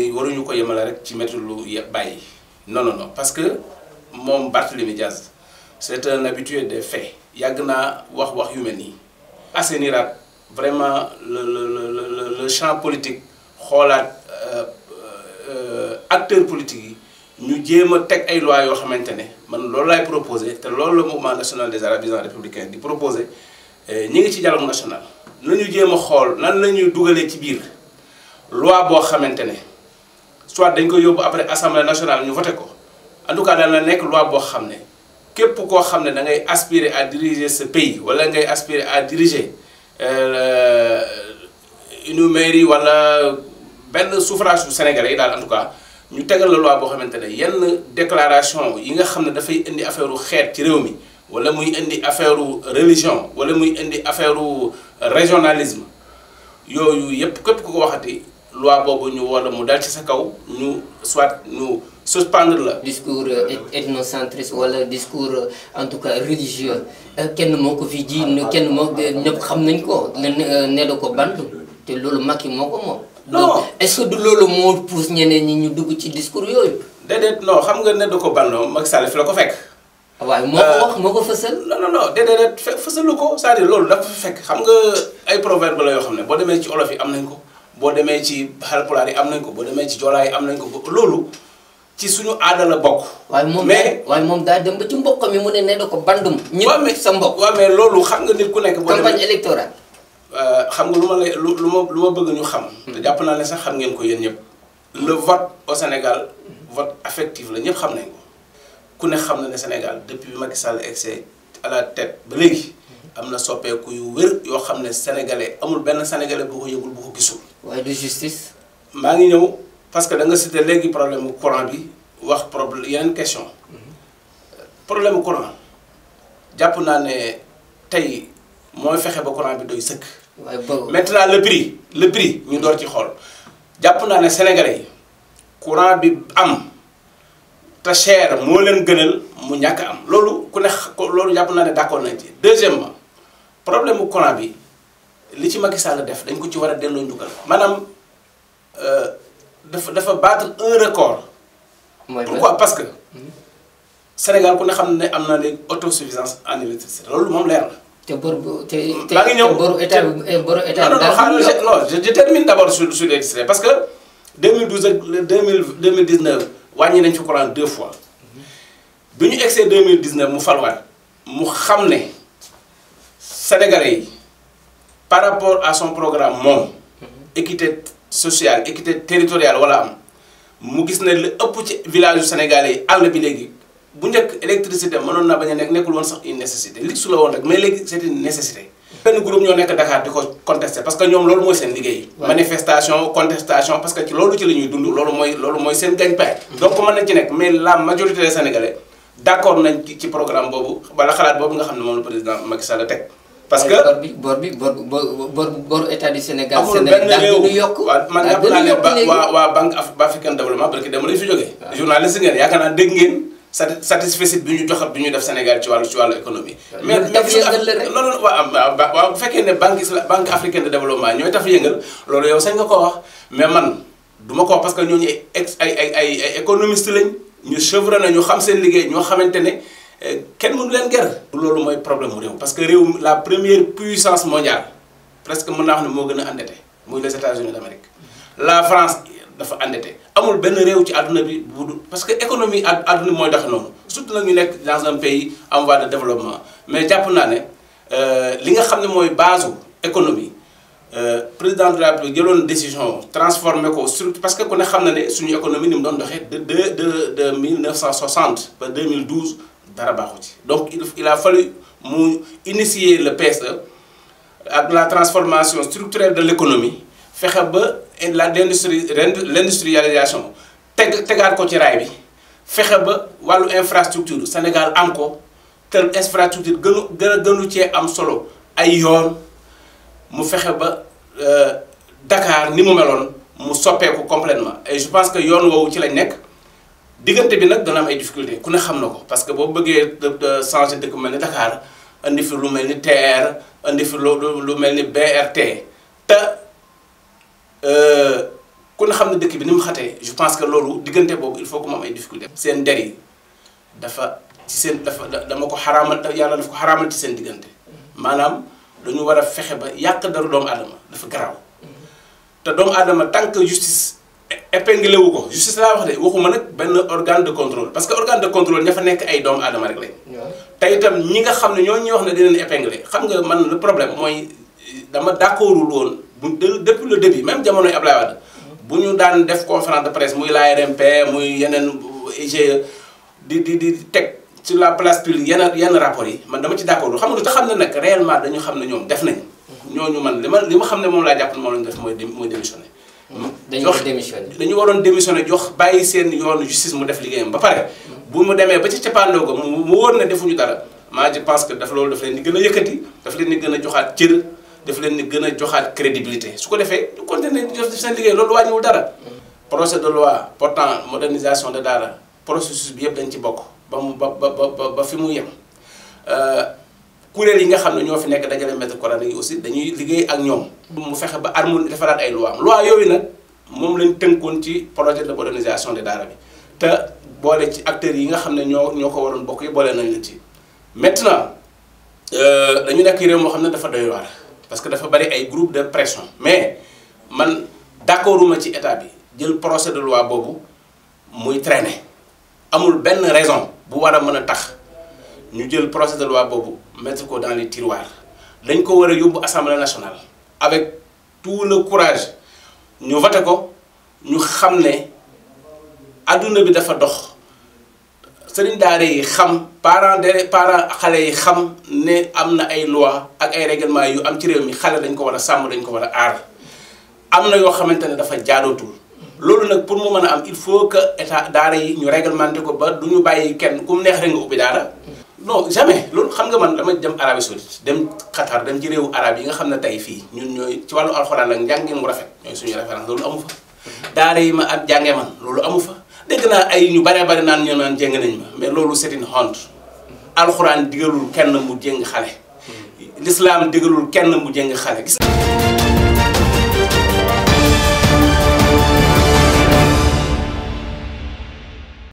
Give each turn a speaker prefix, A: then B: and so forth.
A: ni waruñu ko yemale rek ci mettre lu bàyyi non non non parce que mom Barthélémy Diaz c'est un habitué des faits yagna naa wax wax yu mel nii vraiment le le le le champ politique euh, euh, acteur politique ñu jéem a teg ay loi yoo xamante ne man loolu laay proposé te loolu la mouvement national des arabisans républicains di proposé euh, ñi ngi ci dialogue national nañu jéem a xool nan la ñuy dugalee ci biir loi boo xamante ne soit dañ ko yóbbu après assemblée nationale ñu voté ko en tout cas dana nekk loi boo xam ne képp koo xam ne da ngay aspirer à diriger ce pays wala ngay aspirer à diriger euh, une mairie wala benn suffrage bu sénégalais yi daal en tout cas ñu tegal la loi boo xamante ne yenn déclaration yi nga xam ne dafay indi affaire u xeet ci réew mi wala muy indi affaire religion wala muy indi affaire régionalisme yooyu yépp képp ko waxati loi boobu ñu wala mu dal ci sa kaw ñu soit ñu suspendre la. discours euh, ethnocentriste wala discours euh, en tout cas religieux euh, kenn moko fi di ji ah, kenn moko ah, ah, ñep xam nañ ko ne ne ko bandu te lolu maki moko mo non est-ce que du loolu moo pousse ñeneen ñi ñu dugg ci discours yooyu. dedet non xam nga ne da ko bandu mak Sall fi la ko fekk. waaye moko wax moko ko non non non déedéet fë ko c'est-à-dire loolu dafa fekk xam nga ay proverbe la yo xam bo boo ci olof yi am nañ ko. bo demee ci xalpulaar yi am nañ ko bo demee ci jola yi am nañ ko lolu ci suñu aada la bokk. way mom mais way mom da dem ba ci mbokk mi mu ne nee na ko bandum. mais sa mbokk waaw mais lolu xam nga nit ku nekk. bo campagne électorale. Euh, xam nga luma luma lay bëgg ñu xam. da hmm. japp na né sax xam ngeen ko yeen ñep le vote au Sénégal hmm. vote affectif la ñep xam nañ ko ku ne xam na né Sénégal depuis Macky Sall excès à la tête ba légui hmm. amna yu wër yo sénégalais amul ben sénégalais bu ko yegul bu ko gisul. waaye de justice. maa ngi parce que da nga cité léegi problème mu courant bi wax problème yeneen question mhm. problème mu courant jàpp naa ne tey mooy fexe ba courant bi doy sëkk. waaye maintenant le prix le prix ñu door ci xool jàpp naa ne sénégalais yi courant bi am te cher moo leen gënal mu ñàkk am loolu ku ne loolu jàpp naa ne d'accord nañ ci deuxièmement problème mu courant bi li ci Macky Sall def dañ ko ci war a delloo njukkal maanaam euh, dafa dafa battre un record. pourquoi parce que hmm. Sénégal ku ne xam ne am na léegi autosuffisance en électricité loolu moom leer na. te bor bu te te maa ngi ñëw boru état bi eh, boru état bi. non non je termine d' abord sur sur l'électricité parce que 2012 ak 2019 wàññi nañ ci courant deux fois hmm. bi ñu egsee 2019 mu falwaat mu xam ne sénégalais yi par rapport à son programme mon équité sociale équité territoriale wala mu gis ne le ëpp ci village sénégalais yi bi légui bu njëkk électricité mënon na baña a nekk won sax une nécessité li su la rek mais légui c'est une nécessité benn groupe ñoo nekk Dakar diko contester parce que ñom lool moy seen liggéey manifestation contestation parce que ci loolu ci lañuy dund loolu moy loolu moy seen gagne pay donc mën na ci nekk mais la majorité des sénégalais d'accord nañ ci programme bobu bala xalaat bobu nga xam mom le président Macky Sall teg parce que bor bi bor bi bor bor état du Sénégal. Sénégal ndax dañu yokk man jàpp naa ne waa waa banque africaine développement parce que dama lañu fi jógee. journaliste ngeen yaakaar naa dégg ngeen. satisfecit bi ñu joxat bi ñu def Sénégal ci wàllu ci wàllu économie. mais mais taf yëngal la rek loolu waaw waaw bu fekkee ne banque isla banque africaine de développement ñooy taf yëngal loolu yow sañ nga ko wax mais man du ma ko wax parce que ñooñu ay ay ay ay économiste lañ ñu chevronné ñu xam seen liggéey ñoo xamante ne Quel monde leen ger loolu problème parce que la première puissance mondiale presque mën naa wax en les États-Unis d'Amérique la France dafa endetté amul ben réew ci àdduna bi parce que l'économie, àdduna mooy dox noonu surtout nag ñu nekk dans un pays en voie de développement mais jàpp naa ne euh, li nga xam ne mooy économie euh, président de la République une décision transformer ko surtout parce que ku ne que une économie de de de 1960 à 2012 dara ci donc il a fallu mu initier le PSE à la transformation structurelle de l'économie fexe ba la l'industrialisation teg tegaat ko ci raay bi fexe ba infrastructure Sénégal am ko te infrastructure gënu gën a gënu cee am solo ay yoon mu fexe ba euh, Dakar ni mu meloon mu soppeeku complètement et je pense que yoon woowu ci le nek diggante bi nag dana am ay difficulté ku ne xam na ko parce que boo bëggee changer dëkk mel ni Dakar andi fi lu mel ni TER indi fi lu lu mel ni BRT te euh, ku ne xam ne dëkk bi ni mu xatee je pense que loolu diggante boobu il faut que mu am ay difficulté seen der dafa ci seen dafa dama ko xaraamal yàlla daf ko xaraamal ci seen diggante maanaam dañu war a fexe ba yàq daru doomu adama dafa garaaw mm-hmm. te doomu adama tant que justice épinglé wu ko justice la wax de waxuma nak ben organe de contrôle parce que organe de contrôle ña nek ay doomu aadama rek lañ. te itam ñi nga xam ñoo ñi wax ne dinañ épinglé xam nga man le problème moy dama d'accordul won depuis le début même jamonoy Ablaye wad mm-hmm. bu ñu daan def conférence de presse muy l'ARMP muy yenen IGE di di di tek sur la place publique yenn yenn rapport yi man dama ci d'accordul xam nga te xam ne nag réellement dañu xam ne ñoom def nañ mm-hmm. ñoo ñu man lima ma li ma xam ne moom laa jàpp ne moom lañ def mooy mooy démissionné. jox dañu waroon démissionné jox bàyyi seen yoonu justice mu def liggéeyam ba pare bu mu demee ba ca cappaandoo ko mu wóor na defuñu dara maa je pense que daf loolu daf leen gën a yëkkati daf leen di gën a joxaat cër daf leen di gën a joxaat crédibilité su ko defee ñu continuer di def seen liggéey loolu wàññiwul dara projet de loi portant modernisation de daara processus bi yëpp dañ ci bokk ba mu ba ba ba ba fi mu yem euh, kuréel yi nga xam ñoo fi nekk dajale yi aussi dañuy liggéey ak ñoom. mu fexe ba defaraat ay loi loi lañ ci projet de modernisation de bi acteurs yi nga ñoo maintenant dañu nekk réew moo ne parce que dafa bari ay groupe de pression mais man d'accorduma ci état bi jël procès de loi boobu muy traîné. amul raison bu ñu jël procès de loi boobu mettre ko dans les tiroirs dañ ko war a yóbbu assemblée nationale avec tout le courage ñu voté ko ñu xam ne bi dafa dox sëriñ daara yi xam parents de parents xalé yi xam né amna ay loi ak ay règlement yu am ci réew mi xalé dañ ko wara sam dañ ko wara ar amna yo na yoo dafa jaadootul lolu nak pour mu meuna a am il faut que état daara yi ñu réglementé ko ba duñu ñu kenn kum neex rek nga ubbi daara non jamais loolu xam nga man dama dem Arabie Saoudite dem Qatar dem ci réewu arab yi nga xam ne tey fii ñun ñooy ci wàllu alxuraan ak njàngin mu rafet ñooy suñu référence loolu amu fa daara yi ma ak jànge man loolu amu fa dégg naa ay ñu bare bare naan ñoo naan jéng nañ ma mais loolu c'est une alxuraan digalul kenn mu jéng xale l'islam digalul kenn mu jéng xale gis